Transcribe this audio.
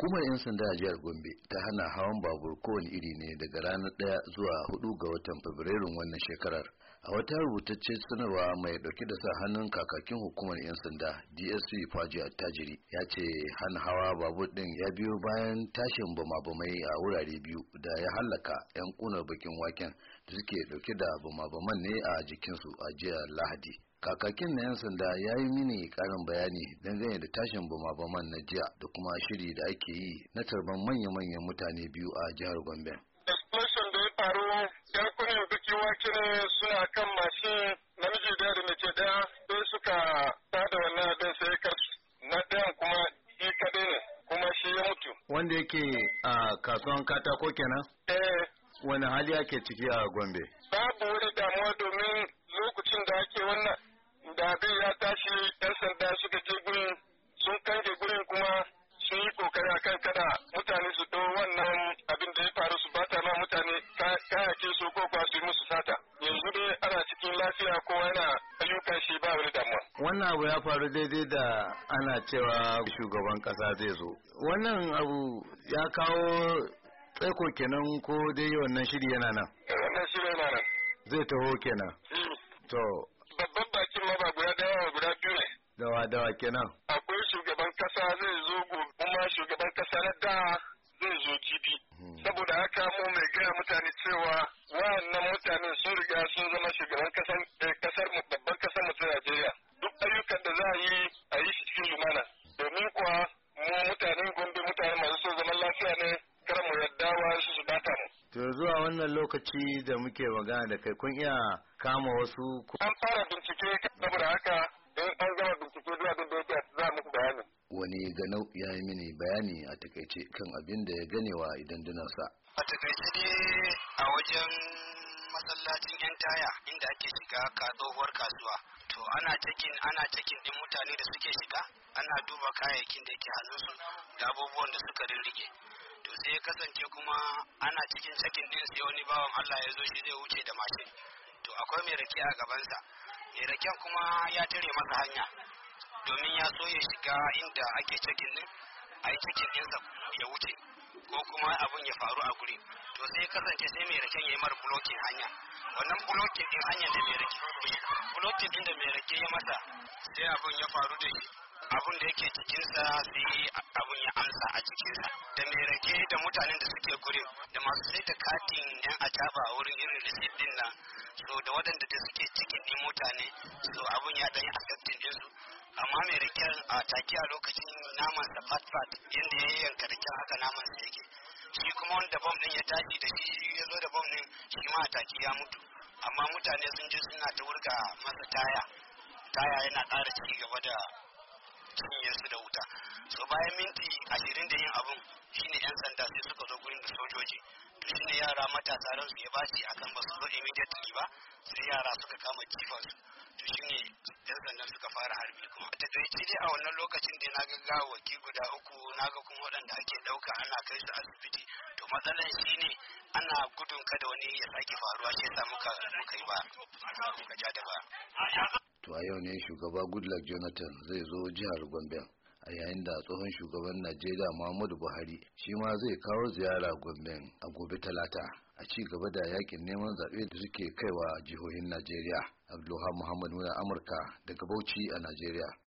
hukumar 'yan sanda a jihar gombe ta hana hawan babur kowane iri ne daga ranar ɗaya zuwa hudu ga watan Fabrairu wannan shekarar a wata rubutacce sanarwa mai dauke da sa hannun kakakin hukumar 'yan sanda dsp faji attajiri ya ce hana hawa babur din ya biyo bayan tashin bama a wurare biyu da ya hallaka 'yan kunar bakin waken da suke dauke da bama ne a jikinsu a jiya lahadi kakakin na 'yan sanda ya yi mini karin bayani dangane da tashin bama-baman na jiya da kuma shiri da ake yi na tarban manya-manyan mutane biyu a jihar gombe ya faru dakunan biki suna kan mashin namiji da wanda yake a kasuwan katako kenan eh wani hali ake ciki a gombe babu wani damuwa domin lokacin da ake wannan abin ya tashi yan sanda suka je gurin sun kange gurin kuma sun yi kokari kan kada mutane su ɗau wannan abin da ya faru su bata ma mutane kayakin su ko kuwa su yi musu sata yanzu dai ana cikin lafiya ko yana ayyukan shi ba wani damuwa. wannan abu ya faru daidai da ana cewa shugaban kasa zai zo wannan abu ya kawo tsaiko kenan ko dai wannan shiri yana nan. Eh, wannan shiri yana nan. zai taho kenan. Hmm. to Dawa dawa kenan. Akwai shugaban kasa zai zo kuma shugaban kasa na da zai zo jibi. Hmm. Saboda haka mu mai gaya mutane cewa wa'annan mutanen sun riga sun zama shugaban eh, kasar mu babban kasar mu ta Najeriya. Duk ayyukan da za a yi a yi shi cikin lumana. Domin kuwa mu mutanen Gombe mutane masu so zaman lafiya ne kar mu yarda wa su su bata mu. To zuwa wannan lokaci da muke magana da kai kun iya kama wasu. An fara bincike saboda haka don an gama wani ganau ya yi mini bayani a takaice kan abin da ya ganewa idan dunansa a takaice ne a wajen masallacin yan taya inda ake shiga ka tsohuwar kasuwa to ana cikin ana cikin din mutane da suke shiga ana duba kayayyakin da ke hannunsu da abubuwan da suka rirrike to sai ya kasance kuma ana cikin cikin din sai wani bawan Allah ya zo shi zai wuce da mashin to akwai mai rake a gabansa mai raken kuma ya tare masa hanya domin ya so ya shiga inda ake cikin din a cikin ɗinsa ya wuce ko kuma abun ya faru a guri to sai kasance sai mai raken ya yi mara bulokin hanya wannan bulokin ɗin hanya da mai rake bulokin ɗin da mai rake ya masa sai abun ya faru da shi Abun da yake cikinsa sai abun ya amsa a cikinsa da mai rake da mutanen da suke gurin da masu sai da katin yan ajaba a wurin irin receipt din nan so da waɗanda da suke cikin din mutane so abun ya ɗan a affecting ɗinsu amma mai rikiyar a take a lokacin naman da fat fat yadda ya yanka rikin haka naman da yake shi kuma wanda bom din ya tashi da shi ya zo da bom din shi ma take ya mutu amma mutane sun je suna ta wurga masa taya taya yana ƙara ci gaba da cinye su da wuta so bayan minti ashirin da yin abun shine yan sanda sai suka zo gurin da sojoji to shine yara matasa su ya bashi akan ba su zo immediately ba sai yara suka kama jifansu to shine yan sandan suka fara harbi kuma ta dai dai a wannan lokacin da na ga gawaki guda uku na ga kuma waɗanda ake ɗauka ana kai su asibiti matsalar shi ne ana gudun kada wani ya sake faruwa shi yasa muka muka yi ba muka ja da ba to a yau ne shugaba goodluck jonathan zai zo jihar gombe a yayin da tsohon shugaban najeriya muhammadu buhari shi ma zai kawo ziyara gombe a gobe talata a ci gaba da yakin neman zaɓe da suke kaiwa jihohin najeriya Abdullahi Muhammadu muna amurka daga bauchi a najeriya